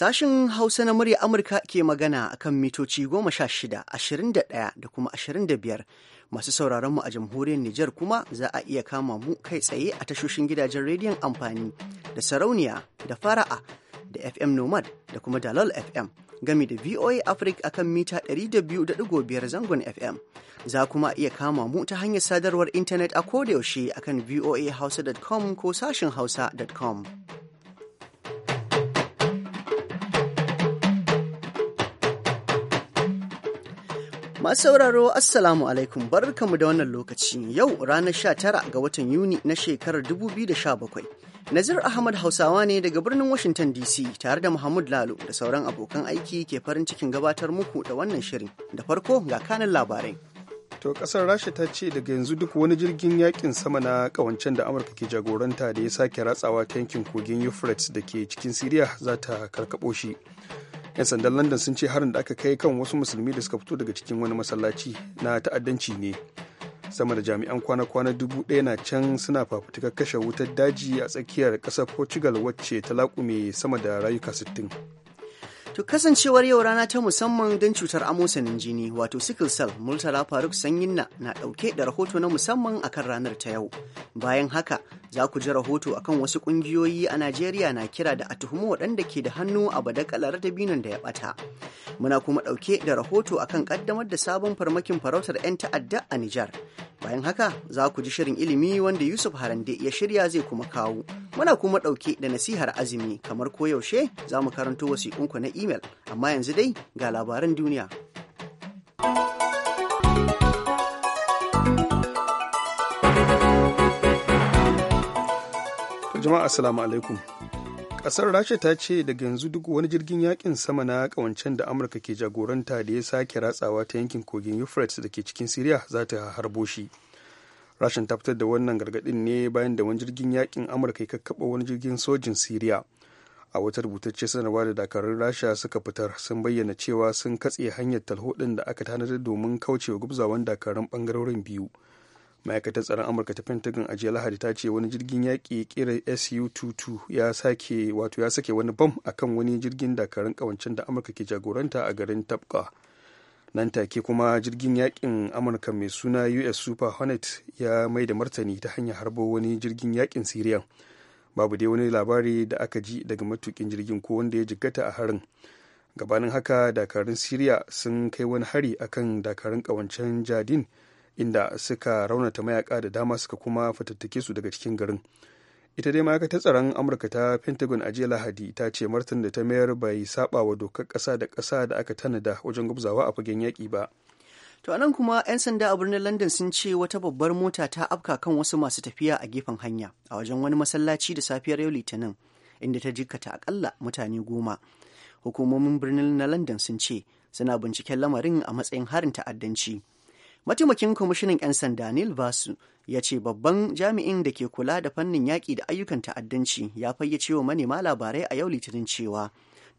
Sashin Hausa na murya Amurka ke magana a kan mitoci goma sha shida, ashirin da ɗaya da kuma ashirin da biyar. Masu sauraron mu a jamhuriyar Nijar kuma za a iya kama mu kai tsaye a tashoshin gidajen rediyon amfani da sarauniya da fara'a da FM Nomad da kuma Dalol FM. Gami da VOA Africa akan mita 200.5 zangon FM. Za kuma iya kama mu ta hanyar sadarwar intanet a kodayaushe akan voahausa.com ko sashin hausa.com. Masu sauraro Assalamu alaikum barkamu da wannan lokaci yau ranar 19 ga watan Yuni na shekarar 2017. Nazir Ahmad Hausawa ne daga birnin Washington DC tare da Muhammad Lalo da sauran abokan aiki ke farin cikin gabatar muku da wannan shirin. Da farko ga kanin labarai. To kasar Rasha ta ce daga yanzu duk wani jirgin yakin sama na kawancen da Amurka ke jagoranta da ya sake ratsawa ta yankin kogin Euphrates da ke cikin Siriya za ta karkaɓo shi. 'yan sandan london sun ce harin da aka kai kan wasu musulmi da suka fito daga cikin wani masallaci na ta'addanci ne sama da jami'an kwana-kwana dubu ɗaya na can suna fafutuka kashe wutar daji a tsakiyar kasar portugal wacce ta laƙume sama da rayuka sittin. To kasancewar yau rana ta musamman don cutar amosanin jini wato sickle cell Murtala Faruk Sanyinna na ɗauke da rahoto na musamman akan ranar ta yau. Bayan haka za ku ji rahoto akan wasu ƙungiyoyi a Najeriya na kira da a tuhumi waɗanda ke da hannu a badakalar dabinon da ya ɓata. Muna kuma ɗauke da rahoto akan ƙaddamar da sabon farmakin farautar 'yan ta'adda a Nijar. Bayan haka za ku ji shirin ilimi wanda Yusuf Harande ya shirya zai kuma kawo. Muna kuma ɗauke da nasihar azumi kamar koyaushe za mu karanto wasiƙunku na imel amma yanzu dai ga labaran duniya jama'a assalamu alaikum kasar rasha ta ce daga yanzu duk wani jirgin yakin sama na ƙawancen da amurka ke jagoranta da ya sake ratsawa ta yankin kogin euphrates da ke cikin syria za ta harbo shi rashin ta fitar da wannan gargaɗin ne bayan da wani jirgin yakin amurka ya kakkaɓa wani jirgin sojin syria a wata rubutacce sanarwa da dakarun rasha suka fitar sun bayyana cewa sun katse hanyar talhoɗin da aka tanadar domin kaucewa gubzawan dakarun bangarorin biyu ma'aikatar tsaron amurka ta pentagon a jiya lahadi ta ce wani jirgin yaƙi kera su-22 ya sake wato ya sake wani bam akan wani jirgin dakarun kawancin da amurka ke jagoranta a garin tabka nan take kuma jirgin yaƙin amurka mai suna us super hornet ya mai da martani ta hanyar harbo wani jirgin yakin siriyan babu dai wani labari da aka ji daga matukin jirgin ko wanda ya jikkata a harin gabanin haka dakarun siriya sun kai wani hari akan dakarun kawancen jadin inda suka raunata mayaka da dama suka kuma fatattake su daga cikin garin ita dai ma'aikatar tsaron amurka ta pentagon a jiya lahadi ta ce martin da ta mayar bai saba wa dokar kasa da kasa da aka tanada wajen gubzawa a fagen yaƙi ba To nan kuma 'yan sanda a birnin London sun ce wata babbar mota ta afka kan wasu masu tafiya a gefen hanya a wajen wani masallaci da safiyar yau Litinin inda ta jikkata akalla mutane goma. Hukumomin birnin na London sun ce suna binciken lamarin a matsayin harin ta'addanci. Mataimakin kwamishinan 'yan sanda Neil Vasu ya ce babban jami'in da ke kula da fannin yaƙi da ayyukan ta'addanci ya fayyace wa manema labarai a yau Litinin cewa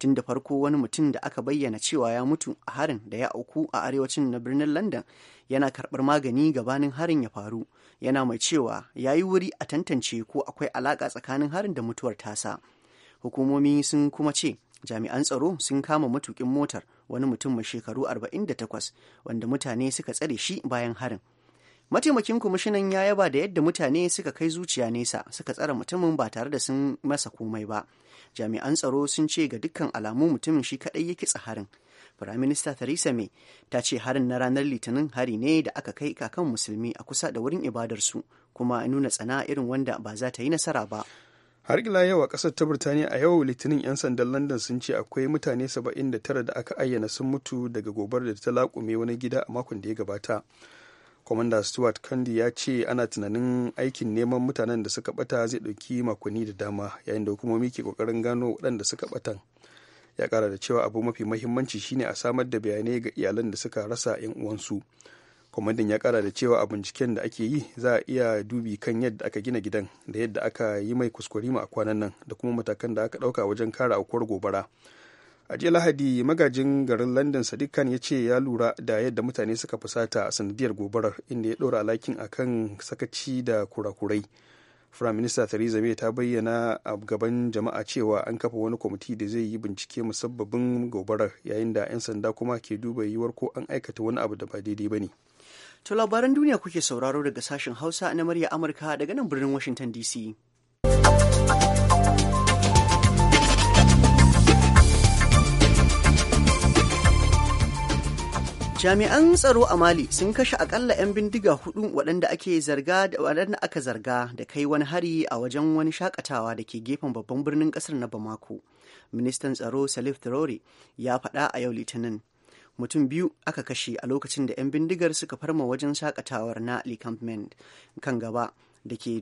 tun da farko wani mutum da aka bayyana cewa ya mutu a harin da ya auku a arewacin na birnin london yana karɓar magani gabanin harin ya faru yana mai cewa ya yi wuri a tantance ko akwai alaka tsakanin harin da mutuwar tasa hukumomi sun kuma ce jami'an tsaro sun kama matukin motar wani mutum mai shekaru 48 wanda mutane suka tsare shi bayan harin mataimakin kwamishinan ya yaba da yadda mutane suka kai zuciya nesa suka tsare mutumin ba tare da sun masa komai ba jami'an tsaro sun ce ga dukkan alamu mutumin shi kaɗai ya kitsa harin firaminista theresa may ta ce harin na ranar litinin hari ne da aka kai kakan musulmi a kusa da wurin ibadarsu kuma nuna tsana irin wanda ba za ta yi nasara ba har ila yau a kasar ta birtaniya a yau litinin 'yan sandan london sun ce akwai mutane 79 da aka ayyana sun mutu daga gobar da ta laƙume wani gida a makon da ya gabata kwamanda stuart kandi ya ce ana tunanin aikin neman mutanen da suka bata zai ɗauki makonni da dama yayin da hukumomi ke kokarin gano waɗanda suka batan ya kara da cewa abu mafi mahimmanci shine a samar da bayanai ga iyalan da suka rasa 'yan uwansu kwamandan ya kara da cewa a binciken da ake yi za a iya dubi kan yadda aka gina gidan da yadda aka yi mai kuskure ma a kwanan nan da kuma matakan da aka ɗauka wajen kare aukuwar gobara a jiya lahadi magajin garin london sadiq khan ya ce ya lura da yadda mutane suka fusata a sanadiyar gobarar inda ya ɗora alakin a kan sakaci da kurakurai firayim minista theresa may ta bayyana a gaban jama'a cewa an kafa wani kwamiti da zai yi bincike musabbabin gobarar yayin da 'yan sanda kuma ke duba yiwuwar ko an aikata wani abu da ba daidai ba ne to labaran duniya kuke sauraro daga sashen hausa na murya amurka daga nan birnin washington dc Jami'an tsaro a Mali sun kashe akalla 'yan bindiga hudu waɗanda ake zarga da waɗanda aka zarga da kai wani hari a wajen wani shakatawa da ke gefen babban birnin ƙasar na Bamako. Ministan tsaro Salif Traore ya faɗa a yau Litinin. mutum biyu aka kashe a lokacin da 'yan bindigar suka farma wajen shakatawar na encampment kan gaba da ke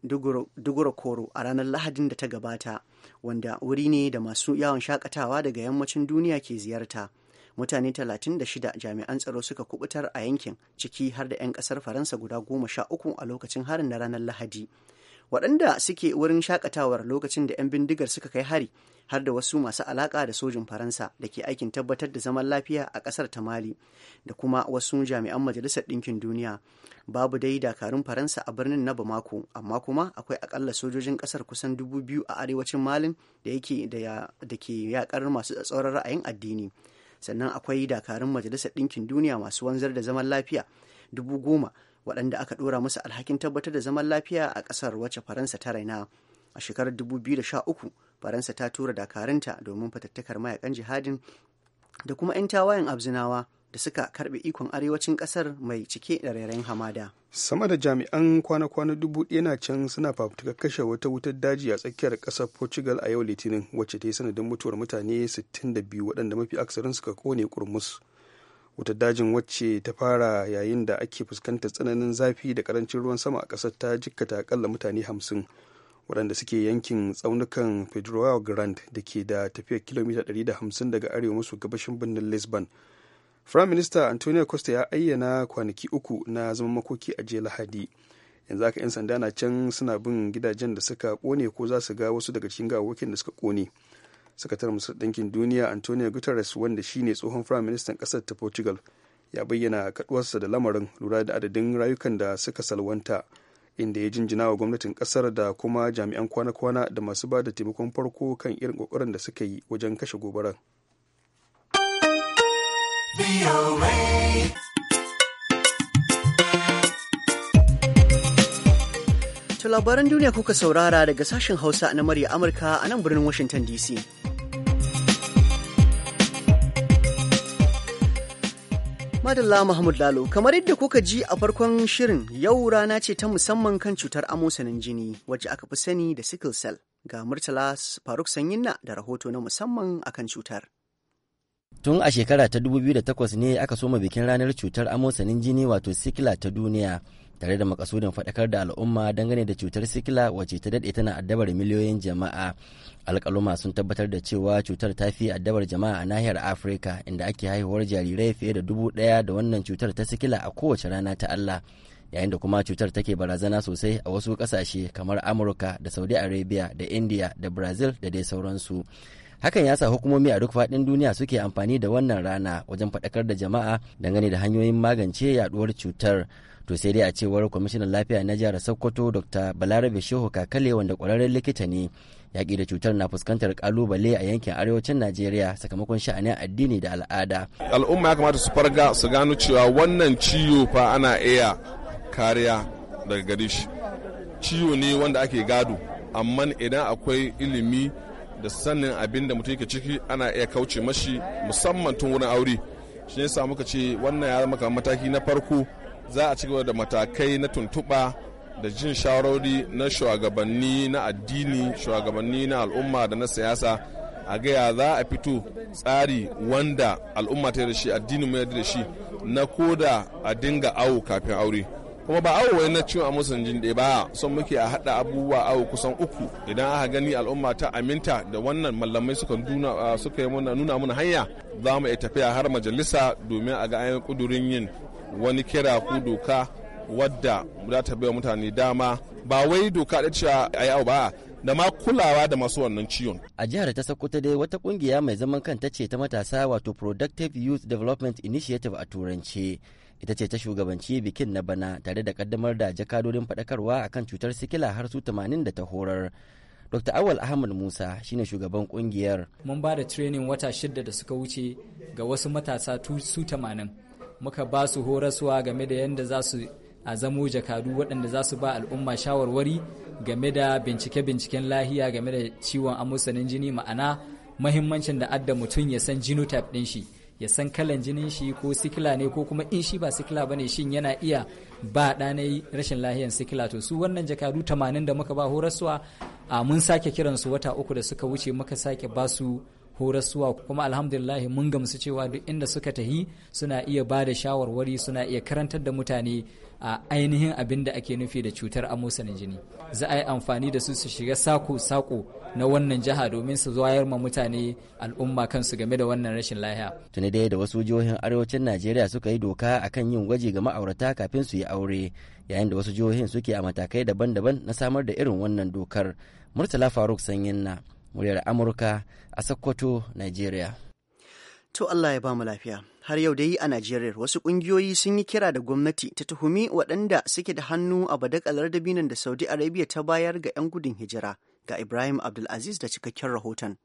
dugura koro a ranar lahadin da ta gabata wanda wuri ne da masu yawon shakatawa daga yammacin duniya ke ziyarta mutane 36 jami'an tsaro suka kubutar a yankin ciki har da 'yan kasar faransa guda goma sha uku a lokacin harin na ranar lahadi waɗanda suke wurin shakatawar lokacin da 'yan bindigar suka kai hari har da wasu masu alaƙa da sojin faransa da ke aikin tabbatar da zaman lafiya a ƙasar ta mali da kuma wasu jami'an majalisar ɗinkin duniya babu dai dakarun faransa a birnin na bamako amma kuma akwai akalla sojojin ƙasar kusan dubu biyu a arewacin malin da da ke yaƙar masu tsatsauran ra'ayin addini sannan akwai dakarun majalisar ɗinkin duniya masu wanzar da zaman lafiya dubu goma waɗanda aka ɗora musu alhakin tabbatar da zaman lafiya a ƙasar wacce faransa ta raina a shekarar 2013 faransa ta tura dakarunta domin fatattakar mayakan jihadin da kuma 'yan tawayen abzinawa da suka karbe ikon arewacin kasar mai cike da rairayin hamada sama da jami'an kwana-kwana dubu na can suna fafutuka kashe wata wutar daji a tsakiyar kasar portugal a yau litinin wacce ta yi sanadin mutuwar mutane 62 waɗanda mafi aksarin suka kone kurmus wutar dajin wacce ta fara yayin da ake fuskantar tsananin zafi da karancin ruwan sama a kasar ta jikkata akalla mutane 50 waɗanda suke yankin tsaunukan federal grand da ke da tafiyar kilomita 150 daga arewa maso gabashin birnin lisbon Firayim Minista Antonio Costa ya ayyana kwanaki uku na zaman makoki a jiya Lahadi. Yanzu haka 'yan sanda na can suna bin gidajen da suka kone ko za su ga wasu daga cikin gawawakin da suka kone. Sakatar musulun Ɗinkin Duniya Antonio Guterres wanda shi ne tsohon Firayim Ministan ƙasar ta Portugal ya bayyana kaduwarsa da lamarin lura da adadin rayukan da suka salwanta inda ya jinjina wa gwamnatin kasar da kuma jami'an kwana-kwana da masu ba da taimakon farko kan irin kokarin da suka yi wajen kashe gobarar. To labaran duniya kuka saurara daga sashen Hausa na murya Amurka a nan birnin Washington DC. Madalla Muhammad Lalo, kamar yadda kuka ji a farkon shirin yau rana ce ta musamman kan cutar amosanin jini wacce aka fi sani da sickle cell ga Murtala Faruk Sanyinna da rahoto na musamman akan cutar. tun a shekara ta 2008 ne aka soma bikin ranar cutar amosanin jini wato sikila ta duniya tare da makasudin faɗakar da al'umma dangane da cutar sikila wacce ta daɗe tana addabar miliyoyin jama'a alƙaluma sun tabbatar da cewa cutar ta fi addabar jama'a a nahiyar afirka inda ake haihuwar jarirai fiye da dubu ɗaya da wannan cutar ta sikila a kowace rana ta allah yayin da kuma cutar take barazana sosai a wasu ƙasashe kamar amurka da saudi arabia da india da brazil da dai sauransu hakan ya sa hukumomi a duk faɗin duniya suke amfani da wannan rana wajen faɗakar da jama'a dangane da hanyoyin magance yaduwar cutar to sai dai a cewar kwamishinan lafiya na jihar sokoto dr balarabe shehu kakale wanda kwararren likita ne yaƙi da cutar na fuskantar kalubale a yankin arewacin najeriya sakamakon sha'anin addini da al'ada al'umma ya kamata su farga su gano cewa wannan ciwo fa ana iya kariya daga gare shi ciwo ne wanda ake gado amma idan akwai ilimi da sanin abin da mutum yake ciki ana iya kauce mashi musamman tun wurin aure shi ne samu muka ce wannan ya zama mataki na farko za a ci da matakai na tuntuɓa da jin shawarori na shugabanni na addini shugabanni na al'umma da na siyasa a gaya za a fito tsari wanda al'umma ta da shi addini mai da shi na koda a dinga awo kafin aure kuma ba awo wani na ciwon musan jin ɗaya ba son muke a haɗa abubuwa awo kusan uku idan aka gani al'umma ta aminta da wannan mallamai suka nuna suka nuna mana hanya za mu iya tafiya har majalisa domin a ga ayin kudurin yin wani kira ko doka wadda za ta bai mutane dama ba wai doka da cewa a yi ba da ma kulawa da masu wannan ciwon. A jihar ta Sokoto dai wata kungiya mai zaman kanta ce ta matasa wato Productive Youth Development Initiative a turanci. ita ce ta shugabanci bikin na bana tare da kaddamar da jakadodin faɗakarwa akan cutar sikila har su 80 da ta horar dr awal ahmad musa shine shugaban kungiyar mun ba da training wata shida da suka wuce ga wasu matasa su 80 muka ba su horaswa game da yadda za su a zamo jakadu waɗanda za su ba al'umma shawarwari game da bincike-binciken lahiya game da ciwon amusanin jini ma'ana mahimmancin da adda mutum ya san genotype ɗin shi ya san kalan jinin shi ko sikila ne ko kuma in shi ba sikila ba ne shin yana iya ba ɗanai rashin lahiyan sikila to su wannan jakadu tamanin da muka ba horaswa a mun sake kiransu wata uku da suka wuce muka sake ba su horaswa kuma alhamdulillah mun gamsu cewa duk inda suka tahi suna iya ba da shawarwari suna iya karantar da mutane a ainihin abin da ake nufi da cutar amosanin jini za a yi amfani da su su shiga sako-sako na wannan jiha domin su zuwayar ma mutane al'umma kansu game da wannan rashin lahiya tuni dai da wasu jihohin arewacin najeriya suka yi doka akan yin gwaji ga ma'aurata kafin su yi aure yayin da wasu jihohin suke a matakai daban-daban na samar da irin wannan dokar murtala faruk sanyin na muryar amurka a sokoto nigeria to allah ya bamu lafiya har yau dai a Najeriya wasu ƙungiyoyi sun yi kira da gwamnati ta tuhumi waɗanda suke da hannu a badakalar dabinan da Saudi Arabia ta bayar ga 'yan gudun hijira ga Ibrahim Abdulaziz da cikakken rahoton.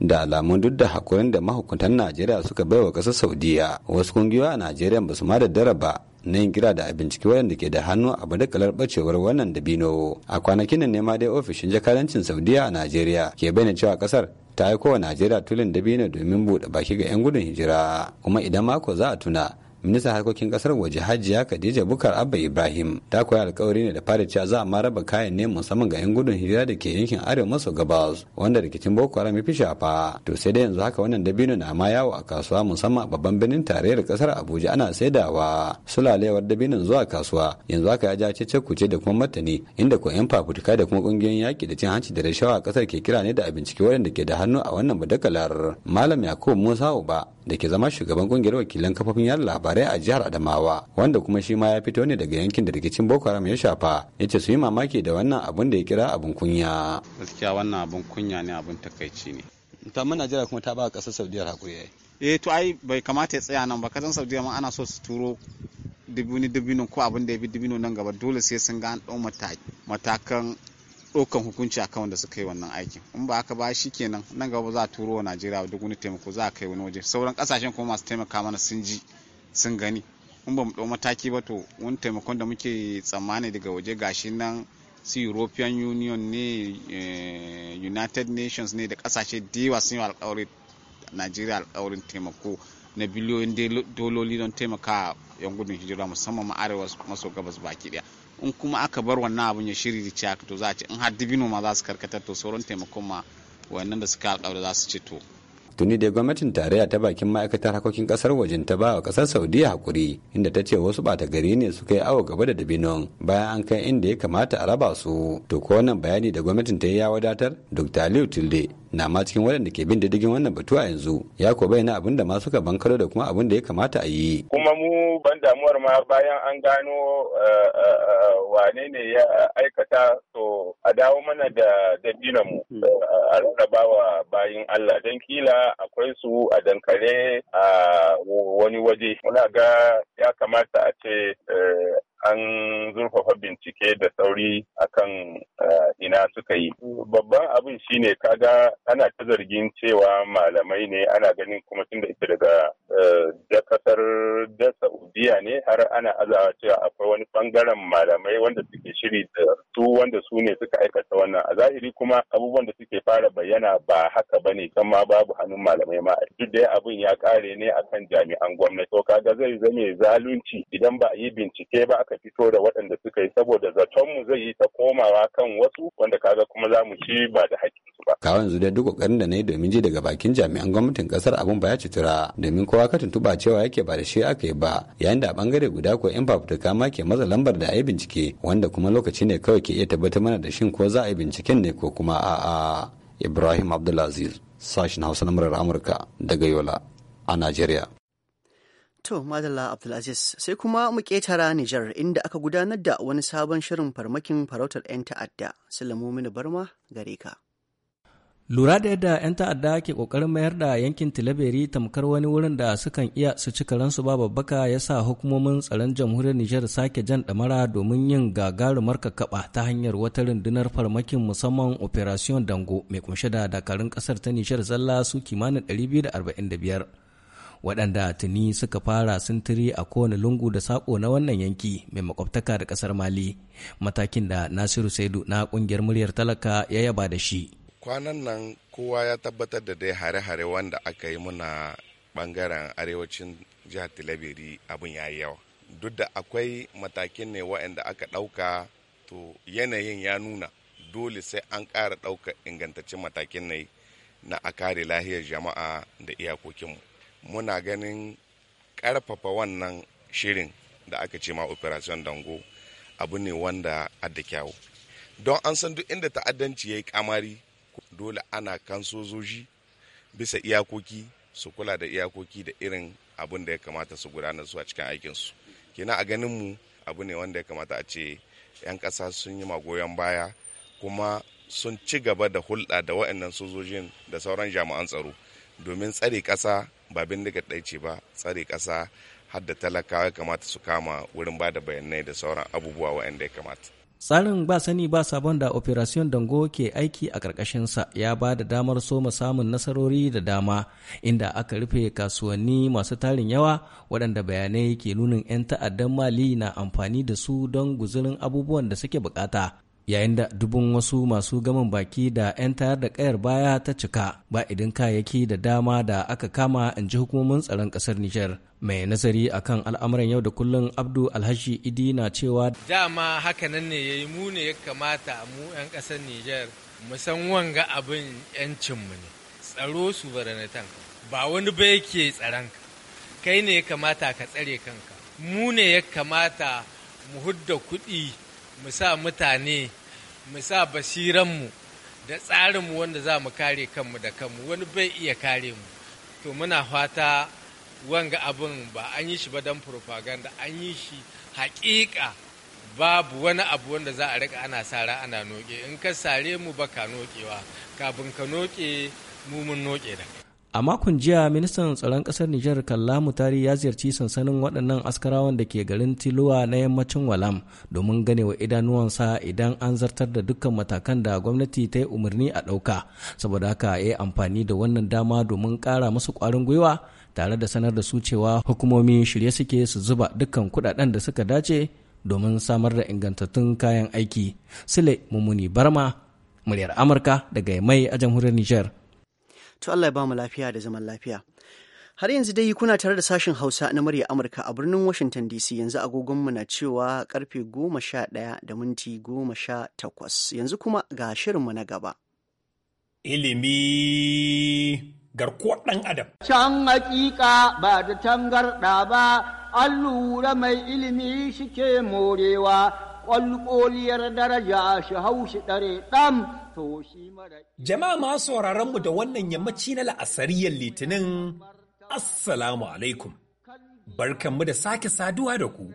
da alamun duk da hakurin da mahukuntan najeriya suka bai wa ƙasar saudiya wasu kungiyoyi a najeriya ba su ma da dara ba na yin kira da a binciki waɗanda ke da hannu a badakalar bacewar wannan dabino a kwanakin nan ne ma dai ofishin jakadancin saudiya a najeriya ke bayyana cewa ƙasar ta aiko wa najeriya tulin dabino domin buɗe baki ga 'yan gudun hijira kuma idan mako za a tuna ministan harkokin kasar waje hajiya khadija bukar abba ibrahim ta koyi alkawari ne da fara cewa za a ma raba kayan ne musamman ga yan gudun hijira da ke yankin arewa maso gabas wanda rikicin boko haram ya fi shafa to sai dai yanzu haka wannan dabino na ma yawo a kasuwa musamman a babban birnin tarayyar kasar abuja ana saidawa sulalewar dabinon zuwa kasuwa yanzu haka ya ja cece kuce da kuma martani inda ko yan fafutuka da kuma kungiyoyin yaki da cin hanci da rashawa a kasar ke kira ne da a bincike waɗanda ke da hannu a wannan badakalar malam yakubu musa uba da ke zama shugaban kungiyar wakilan kafofin yada labarai a jihar Adamawa wanda kuma shi ma ya fito ne daga yankin da rikicin Boko Haram ya shafa yace su yi mamaki da wannan abun da ya kira abun kunya gaskiya wannan abun kunya ne abun takaici ne ta mun Najeriya kuma ta ba kasar Saudiya hakuri yayi eh to ai bai kamata ya tsaya nan ba kasar Saudiya ma ana so su turo dubini dubinin ko abin da ya bi dubino nan gaba dole sai sun ga an matakan ɗaukan hukunci akan wanda suka yi wannan aikin in ba haka ba shi kenan nan gaba za a turo wa najeriya duk wani taimako za a kai wani waje sauran kasashen kuma masu taimaka mana sun ji sun gani in ba mu ɗau mataki ba to wani taimakon da muke tsammani daga waje gashi nan su european union ne eh, united nations ne da kasashe da yawa sun yi alkawarin najeriya alkawarin taimako na biliyoyin dololi don taimaka yan gudun hijira musamman ma arewa maso gabas baki daya in kuma aka bar wannan abin ya shiri da ciyaka to za a ce in har dibino ma za su karkatar to sauran taimakon ma wannan da suka alƙawar za su ce to tuni da gwamnatin tarayya ta bakin ma'aikatar harkokin kasar wajen ta bawa kasar saudiya hakuri inda ta ce wasu bata gari ne suka yi awo gaba da dabinon bayan an kai inda ya kamata a raba su to ko wannan bayani da gwamnatin ta yi ya wadatar dr aliyu tilde na ma cikin waɗanda ke bin diddigin wannan batu a yanzu ya ko bayyana abin da ma suka bankaro da kuma abin da ya kamata a yi kuma mu ban damuwar ma bayan an gano eh, eh, eh, wane ne ya aikata to a dawo mana da dabinan mu hmm. a rarrabawa bayin Allah don kila akwai su a dankare a wani waje muna ga ya kamata a ce an zurfafa bincike da sauri akan eh, ina suka yi. Babban abin shine kaga ana ta zargin cewa malamai ne ana ganin kuma tun da ita daga eh, da kasar da Saudiya ne har ana azawa cewa akwai wani bangaren malamai wanda suke shiri da su wanda su ne suka aikata wannan a zahiri kuma abubuwan da suke fara bayyana ba haka ne, kan ma babu hannun malamai ma duk da abin ya kare ne akan jami'an gwamnati to kaga zai zame zalunci idan ba a yi bincike ba aka fito da waɗanda suka yi saboda zatonmu zai yi ta komawa kan wasu wanda kaga kuma za mu ci ba da su ba. Kawan yanzu dai duk ƙoƙarin da na yi domin ji daga bakin jami'an gwamnatin ƙasar abin ba ya tura domin kowa ka tuntuɓa cewa yake ba da shi aka yi ba yayin da a ɓangare guda ko 'yan fafutuka ma ke maza lambar da a yi bincike wanda kuma lokaci ne kawai ke iya tabbatar mana da shin ko za a yi binciken ne ko kuma a Ibrahim Abdulaziz, sashen Hausa na murar Amurka daga Yola a Najeriya. To, Madalla Abdulaziz, sai kuma mu ƙetara Nijar inda aka gudanar da wani sabon shirin farmakin farautar 'yan ta'adda, Sulemu Mini Barma gare ka. Lura da yadda 'yan ta'adda ke ƙoƙarin mayar da yankin Tilaberi tamkar wani wurin da sukan iya su ci karansu ba babbaka ya sa hukumomin tsaron jamhuriyar Nijar sake jan ɗamara domin yin gagarumar kakaɓa ta hanyar wata rundunar farmakin musamman Operation Dango mai kunshe da dakarun ƙasar ta Nijar zalla su kimanin 245. waɗanda tuni suka fara sintiri a kowane lungu da sako na wannan yanki mai makwabtaka da ƙasar mali matakin da nasiru saidu na ƙungiyar muryar talaka ya yaba da shi kwanan nan kowa ya tabbatar da dai hare-hare wanda aka yi muna bangaren arewacin jihar tilabiri abin ya yi yawa duk da akwai matakin ne waɗanda aka ɗauka to yanayin ya nuna dole sai an ƙara ɗauka ingantaccen matakin na a kare lahiyar jama'a da iyakokinmu muna ganin ƙarfafa wannan shirin da aka ce ma operation dango abu ne wanda adda kyawu don an san duk inda ta'addanci ya yi kamari dole ana kan sojoji bisa iyakoki su kula da iyakoki da irin abin da ya kamata su gudanar su a cikin aikinsu kina a ganin mu abu ne wanda ya kamata a ce 'yan ƙasa sun yi magoyan baya kuma sun ci gaba da hulɗa da waɗannan sojojin da sauran jami'an tsaro domin tsare ƙasa ba bindiga daga ɗaice ba tsare ƙasa har da talakawa ya kamata su kama wurin ba da bayanai da sauran abubuwa waɗanda ya kamata. Tsarin ba sani ba sabon da Operation Dango ke aiki a ƙarƙashinsa ya ba da damar soma samun nasarori da dama inda aka rufe kasuwanni masu tarin yawa waɗanda bayanai ke nunin 'yan ta'addan Mali na amfani da su don guzurin abubuwan da suke bukata. yayin da dubun wasu masu gaman baki da 'yan tayar da kayar baya ta cika ba idan kayayyaki da dama da aka kama in ji hukumomin tsaron kasar Nijar. Mai nazari akan al'amuran yau da kullun Abdu Alhashi Idi na cewa dama haka nan ne yayi mu ne ya kamata mu 'yan kasar Nijar mu san wanga abin 'yancinmu ne tsaro su ba wani ba yake ka kai ne ya kamata ka tsare kanka mu ne ya kamata mu hudda kuɗi mu sa mutane mu sa basiranmu da tsarinmu wanda za mu kare kanmu da kanmu wani bai iya kare mu to muna fata wanga abin ba an yi shi ba don propaganda an yi shi haƙiƙa babu wani abu wanda za a rika ana sara ana noke in ka sare mu ba ka nokewa kafin ka noke mu mun noke da kai a makon jiya ministan tsaron kasar nijar kalla mutari ya ziyarci sansanin waɗannan askarawan da ke garin tiluwa na yammacin walam domin ganewa idanuwansa idan an zartar da dukkan matakan da gwamnati ta yi umarni a ɗauka saboda haka ya yi amfani da wannan dama domin ƙara musu ƙwarin gwiwa tare da sanar da su cewa hukumomi shirye suke su zuba dukkan kuɗaɗen da suka dace domin samar da ingantattun kayan aiki sule mummuni barma muryar amurka daga mai a jamhuriyar nijar to Allah ya ba mu lafiya da zaman lafiya har yanzu dai kuna tare da sashen hausa na murya amurka a birnin washington dc yanzu agogonmu na cewa karfe goma sha ɗaya da minti goma sha takwas yanzu kuma ga shirinmu na gaba ilimi garkuwar ɗan adam can hakika ba da tangarɗa ba an lura mai ilimi shi ke morewa ƙwalƙoliyar daraja shi haushi ɗare ɗan Jama'a masu mu da wannan yammaci na la'asariyar litinin Assalamu alaikum. Barkanmu da sake saduwa da ku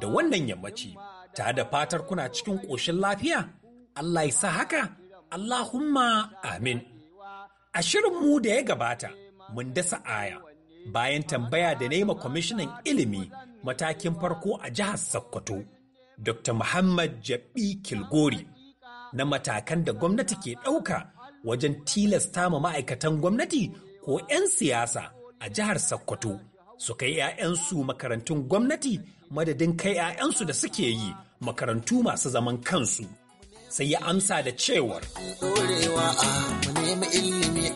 da wannan yammaci, ta da fatar kuna cikin ƙoshin lafiya, Allah ya sa haka, Allahumma amin. A shirin mu da ya gabata, mun dasa aya bayan tambaya da nema kwamishinan ilimi matakin farko a jihar Sokoto, Dr. Muhammad Jabi Kilgori. na matakan da gwamnati ke ɗauka wajen tilasta ma ma'aikatan gwamnati ko 'yan siyasa a jihar Sokoto su kai 'ya'yansu makarantun gwamnati madadin kai 'ya'yansu da suke yi makarantu masu zaman kansu. Sai ya amsa da cewar. a nemi ilimi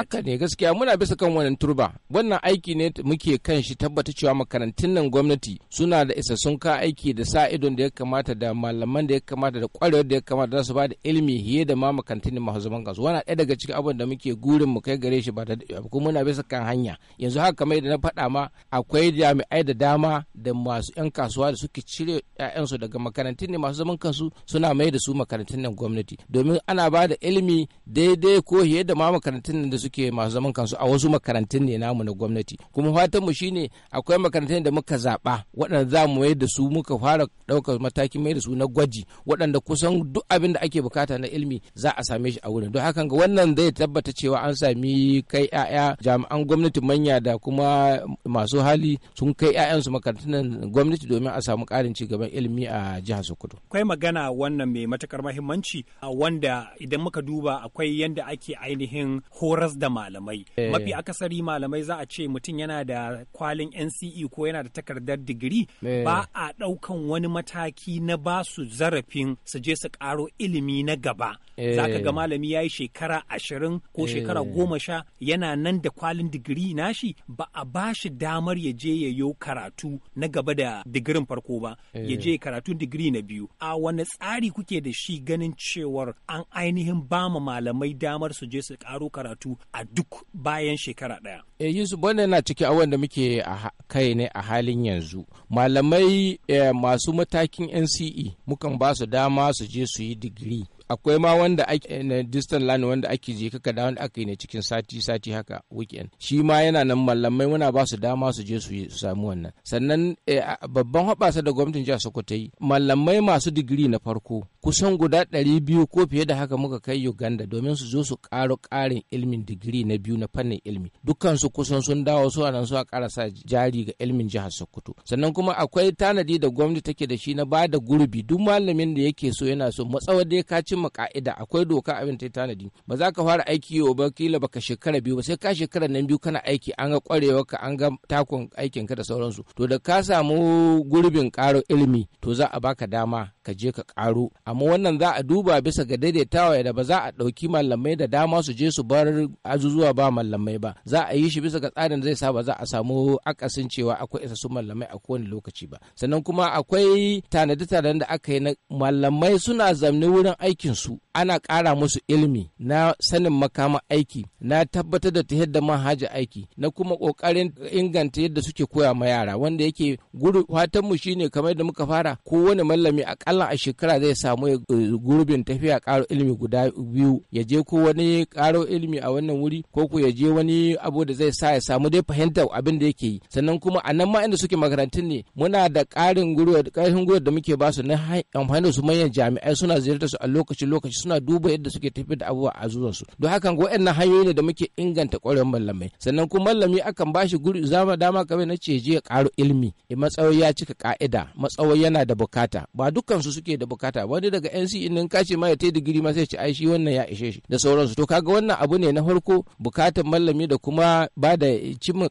haka ne gaskiya muna bisa kan wannan turba wannan aiki ne muke kan shi tabbata cewa makarantun nan gwamnati suna da isassun ka aiki da sa idon da ya kamata da malaman da ya kamata da kwarewar da ya kamata za su ba da ilimi hiye da ma makarantun masu zaman kansu wannan ɗaya daga cikin abin da muke gurin mu kai gare shi ba da kuma muna bisa kan hanya yanzu haka kamar yadda na faɗa ma akwai jami'ai da dama da masu 'yan kasuwa da suke cire 'ya'yansu daga makarantun ne masu zaman kansu suna mai da su makarantun nan gwamnati domin ana ba da ilimi daidai ko hiye da ma makarantun nan da su. suke masu zaman kansu a wasu makarantun ne namu na gwamnati kuma fatan mu shine akwai makarantun da muka zaba waɗanda za mu mayar da su muka fara ɗaukar matakin mayar da su na gwaji waɗanda kusan duk abin da ake bukata na ilimi za a same shi a wurin don hakan ga wannan zai tabbata cewa an sami kai 'ya'ya jami'an gwamnati manya da kuma masu hali sun kai 'ya'yansu makarantun gwamnati domin a samu ƙarin ci gaban ilimi a jihar Sokoto. Akwai magana wannan mai matukar mahimmanci a wanda idan muka duba akwai yadda ake ainihin horas da malamai eh. mafi akasari malamai za a ce mutum yana da kwalin NCE ko yana da takardar digiri eh. ba a ɗaukan wani mataki na ba su zarafin su je su ƙaro ilimi na gaba eh. za ka ga malami ya yi shekara ashirin ko shekara goma sha yana nan da kwalin digiri nashi ba a ba shi damar ya je ya yo karatu na gaba da digirin farko ba ya je karatu digiri na biyu a wani tsari kuke da shi ganin cewar an ainihin ba ma malamai damar su je su ƙaro karatu a duk bayan shekara ɗaya. E Yusuf wannan na ciki awon da muke kai ne a halin yanzu. Malamai eh, masu matakin NCE mukan ba su dama su je su yi digiri akwai ma wanda ake eh, na distant learning wanda ake je kaka da wanda aka yi ne cikin sati sati haka weekend shi ma yana nan mallamai muna ba su dama su je su samu wannan sannan eh, babban hoɓasa da gwamnatin jihar Sokoto yi mallamai masu digiri na farko kusan guda ɗari biyu ko fiye da haka muka kai Uganda domin su zo su ƙaro ƙarin ilmin digiri na biyu na fannin ilmi dukkan su kusan sun dawo su nan su a ƙarasa jari ga ilmin jihar Sokoto sannan kuma akwai tanadi da gwamnati take da shi na ba da gurbi duk malamin da yake so yana so matsawar da ya kaci mu ka'ida akwai doka abin ta tanadi ba za ka fara aiki yau ba kila baka shekara biyu ba sai ka shekara nan biyu kana aiki an ga kwarewa ka an ga takon aikin ka da sauransu to da ka samu gurbin karo ilimi to za a baka dama ka je ka karo amma wannan za a duba bisa ga daidaitawa da ba za a ɗauki malamai da dama su je su bar azuzuwa ba malamai ba za a yi shi bisa ga tsarin zai sa ba za a samu akasin cewa akwai isassun malamai a kowane lokaci ba sannan kuma akwai tanade-tanaden da aka yi na malamai suna zamne wurin aiki aikinsu ana ƙara musu ilimi na sanin makama aiki na tabbatar da ta yadda manhaja aiki na kuma ƙoƙarin inganta yadda suke koya ma yara wanda yake guru mu shine kamar da muka fara kowane mallami akalla a shekara zai samu eh, gurbin tafiya ƙaro ilimi guda biyu ya je ko wani ƙaro ilimi a wannan wuri ko ko ya je wani abu da zai sa ya samu dai fahimta abin da yake yi sannan kuma a nan ma inda suke makarantun ne muna da ƙarin gwiwa da ƙarfin gwiwa da muke basu na amfani da su manyan jami'ai suna ziyartar su a lokacin lokaci lokaci suna duba yadda suke tafiyar da abubuwa a zuwansu don hakan waɗannan hanyoyi ne da muke inganta ƙwarewar mallamai sannan kuma mallami akan bashi guri zama dama kamar na ce je ya ƙaro ilimi in matsayi ya cika ka'ida matsayi yana da bukata ba dukkan su suke da bukata wani daga NC in ka ce ma ya tai digiri ma sai ce ai shi wannan ya ishe shi da sauransu to kaga wannan abu ne na farko bukatar mallami da kuma ba da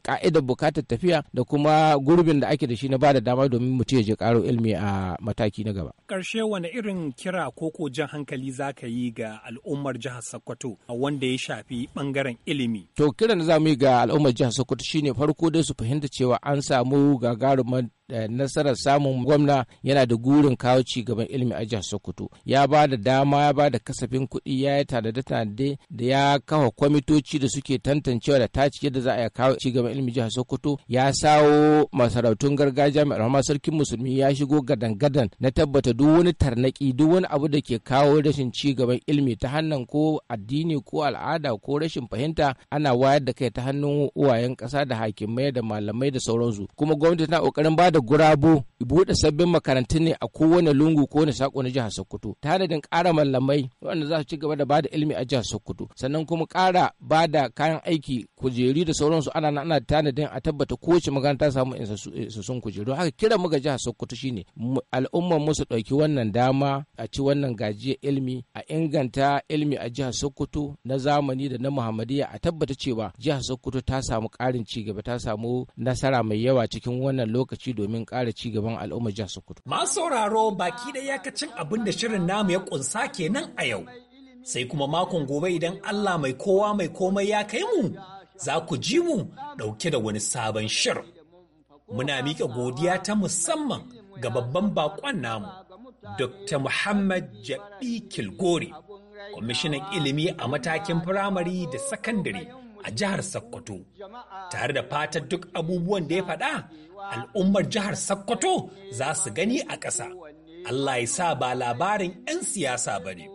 ka'idar bukatar tafiya da kuma gurbin da ake da shi na ba da dama domin mutum ya je ƙaro ilimi a mataki na gaba. Ƙarshe wani irin kira ko ko jan hankali hankali za ka yi ga al'ummar jihar Sokoto wanda ya shafi bangaren ilimi. To kiran da za mu yi ga al'ummar jihar Sokoto shine farko dai su fahimta cewa an samu gagarumar nasarar samun gwamna yana da gurin kawo ci gaban ilimi a jihar Sokoto. Ya ba da dama ya ba da kasafin kuɗi ya yi da tanade da ya kafa kwamitoci da suke tantancewa da ta cike da za a kawo ci gaban ilimi jihar Sokoto. Ya sawo masarautun gargajiya mai rahama sarkin musulmi ya shigo gadan-gadan na tabbata duk wani tarnaki duk wani abu da ke kawo rashin ci gaban ilimi ta hannun ko addini ko al'ada ko rashin fahimta ana wayar da kai ta hannun uwayen ƙasa da hakimai da malamai da sauransu. Kuma gwamnati tana ƙoƙarin ba da da gurabo buɗe sabbin makarantu ne a kowane lungu ko wani sako na jihar Sokoto tanadin ƙara mallamai waɗanda za su ci gaba da bada ilimi a jihar Sokoto sannan kuma ƙara bada kayan aiki kujeru da sauransu ana ana tanadin a tabbata kowace makaranta samu isassun kujeru haka kira mu ga jihar Sokoto shine al'ummar musu su ɗauki wannan dama a ci wannan gajiyar ilimi a inganta ilimi a jihar Sokoto na zamani da na Muhammadiyya a tabbata cewa jihar Sokoto ta samu ƙarin ci gaba ta samu nasara mai yawa cikin wannan lokaci domin domin ƙara ci gaban al'ummar jihar Sokoto. Masu sauraro baki da yakacin abin da shirin namu ya kunsa kenan a yau. Sai kuma makon gobe idan Allah mai kowa mai komai ya kai mu, za ku ji mu ɗauke da wani sabon shirin. Muna miƙa godiya ta musamman ga babban bakon namu, Dr. Muhammad Jabi Kilgore, kwamishinan ilimi a matakin firamare da sakandare a jihar Sokoto. Tare da fatar duk abubuwan da ya faɗa, al'ummar jihar Sokoto za su gani a ƙasa. Allah ya sa ba labarin 'yan siyasa ba ne.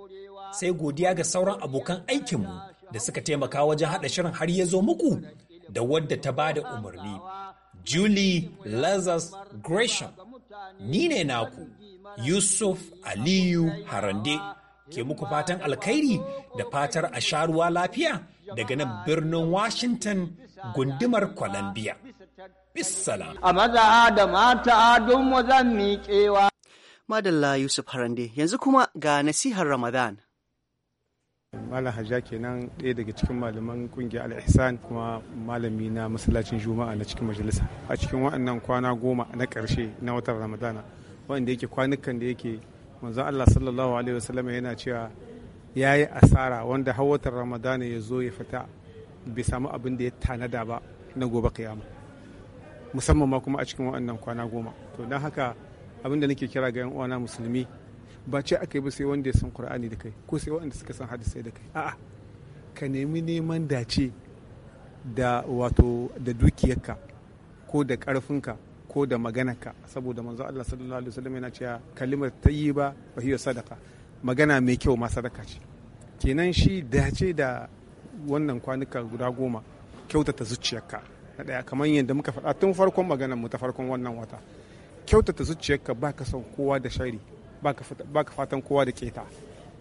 Sai godiya ga sauran abokan aikinmu da suka taimaka wajen haɗa shirin har ya zo muku da wadda ta ba da umarni. Julie Lazarus Gresham, ni ne naku, Yusuf Aliyu Harande. ke muku fatan alkhairi da fatar a sha ruwa lafiya daga nan birnin Washington gundumar Columbia. Bissala. A maza da mata don mu zan miƙewa. Madalla Yusuf Harande yanzu kuma ga nasihar Ramadan. Malam Hajja kenan ɗaya daga cikin malaman ƙungiyar Al-Ihsan kuma malami na masallacin Juma'a na cikin majalisa. A cikin wa'annan kwana goma na ƙarshe na watan Ramadana wanda yake kwanukan da yake manzon Allah sallallahu alaihi wasallam yana cewa ya yi asara wanda hawatar ramadana ya zo ya fita bai samu abin da ya tanada ba na gobe kiyama musamman ma kuma a cikin waɗannan kwana goma to don haka abin da nake kira ga yan uwana musulmi ba ce aka yi ba sai wanda ya san qur'ani da kai ko sai waɗanda suka san hadisai da kai a'a ka nemi neman dace da wato da dukiyarka ko da ƙarfinka ko da maganarka saboda manzo Allah sallallahu alaihi wasallam yana cewa kalimar tayyiba wa hiya sadaqa magana mai kyau ma sadaka ce kenan shi dace da wannan kwanuka guda goma kyautata zuciyarka na ɗaya kamar yadda muka faɗa tun farkon maganar mu ta farkon wannan wata kyautata zuciyarka baka son kowa da shari baka fatan kowa da keta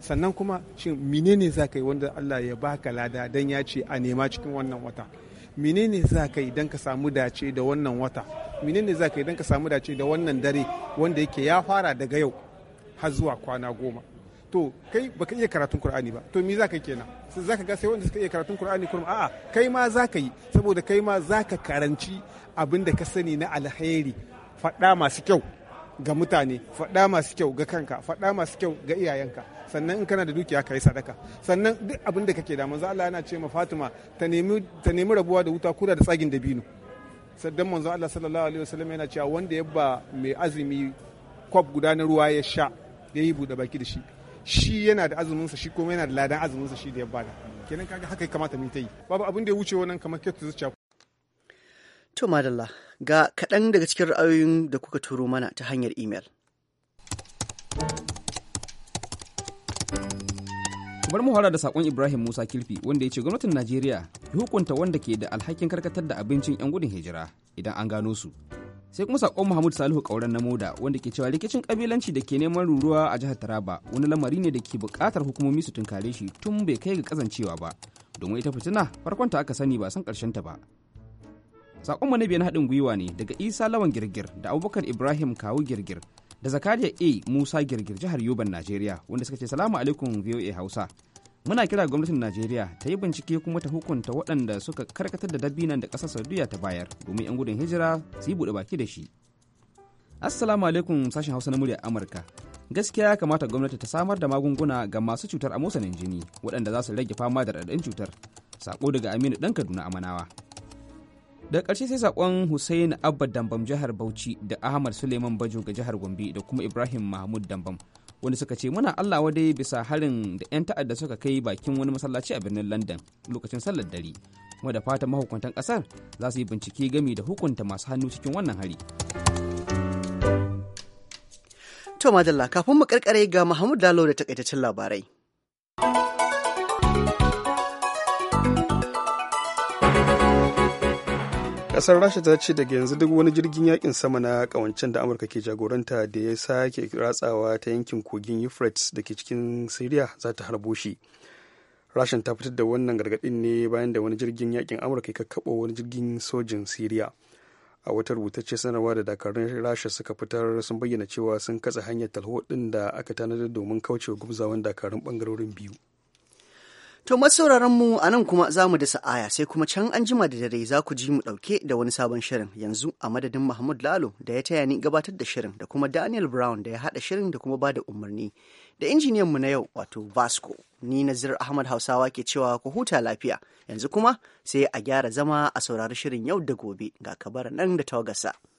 sannan kuma shin menene za ka yi wanda Allah ya baka lada dan ya ce a nema cikin wannan wata menene za ka yi don ka samu dace da wannan wata menene za ka yi don ka samu dace da wannan dare wanda yake ya fara daga yau har zuwa kwana goma to kai baka iya karatun Qur'ani ba to me za ka kenan sai ka ga sai wanda suka iya karatun Qur'ani kuma a'a kai ma za ka yi saboda kai ma za ka karanci abin da ka sani na alheri faɗa masu kyau ga mutane faɗa masu kyau ga kanka faɗa masu kyau ga iyayenka sannan in kana da dukiya ka yi sadaka sannan duk abin da kake da manzo Allah yana ce ma Fatima ta nemi ta nemi rabuwa da wuta kuda da tsagin dabino saddan manzo Allah sallallahu alaihi wasallam yana cewa wanda ya ba mai azumi kwab guda na ruwa ya sha ya yi buɗe baki da shi shi yana da azumin sa shi kuma yana da ladan azumin sa shi da ya bada kenan kaga haka ya kamata mu yi babu abin da ya wuce wannan kamar kyautu zuciya to madalla ga kaɗan daga cikin ra'ayoyin da kuka turo mana ta hanyar imel bar mu fara da sakon Ibrahim Musa Kilfi wanda ya ce gwamnatin Najeriya ya hukunta wanda ke da alhakin karkatar da abincin 'yan gudun hijira idan an gano su sai kuma sakon Muhammad Salihu Kauran na Moda wanda ke cewa rikicin kabilanci da ke neman ruruwa a jihar Taraba wani lamari ne da ke bukatar hukumomi su tunkare shi tun bai kai ga kazancewa ba domin ita fitina ta aka sani ba san karshen ta ba sakon mu na biyan hadin gwiwa ne daga Isa Lawan Girgir da Abubakar Ibrahim Kawu Girgir da Zakariya A Musa Girgir jihar Yoban Najeriya wanda suka ce salamu alaikum VOA Hausa muna kira gwamnatin najeriya ta yi bincike kuma ta hukunta waɗanda suka karkatar da dabinan da ƙasar saudiya ta bayar domin 'yan gudun hijira su yi buɗe baki da shi assalamu alaikum sashen hausa na muryar amurka gaskiya ya kamata gwamnati ta samar da magunguna ga masu cutar amosanin jini waɗanda za su rage fama da raɗaɗin cutar sako daga aminu ɗan kaduna amanawa da ƙarshe sai saƙon hussein abba dambam jihar bauchi da ahmad suleiman bajo ga jihar gombe da kuma ibrahim mahmud dambam wani suka ce muna Allah dai bisa harin da 'yan ta'adda suka kai bakin wani masallaci a birnin London lokacin sallar dare kuma da fatan mahukuntan kasar za su yi bincike gami da hukunta masu hannu cikin wannan hari. To madalla kafin mu karkare ga Muhammad Lalo da takaitaccen labarai. kasar rasha ta ce daga yanzu duk wani jirgin yakin sama na kawancen da amurka ke jagoranta da ya sake ratsawa ta yankin kogin euphrates da ke cikin syria za ta harbo shi rashin ta fitar da wannan gargadin ne bayan da wani jirgin yakin amurka ya kakkaɓo wani jirgin sojin syria a wata rubutacce sanarwa da dakarun rasha suka fitar sun bayyana cewa sun katse hanyar talho din da aka tanadar domin kaucewa gubzawan dakarun bangarorin biyu To masauraran mu a nan kuma za mu da sa'aya sai kuma can an jima da dare za ku ji mu ɗauke da wani sabon shirin yanzu a madadin Mahmud Lalo da ya taya ni gabatar da shirin da kuma Daniel Brown da ya haɗa shirin da kuma bada umarni da injiniyan mu na yau wato Vasco ni Nazir Ahmad Hausawa ke cewa ku huta lafiya yanzu kuma sai a gyara zama a saurari shirin yau da gobe ga kabara nan da tawagarsa.